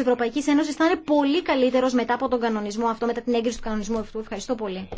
Ευρωπαϊκή Ένωση θα είναι πολύ καλύτερο μετά από τον κανονισμό αυτό, μετά την έγκριση του κανονισμού αυτού. Ευχαριστώ πολύ.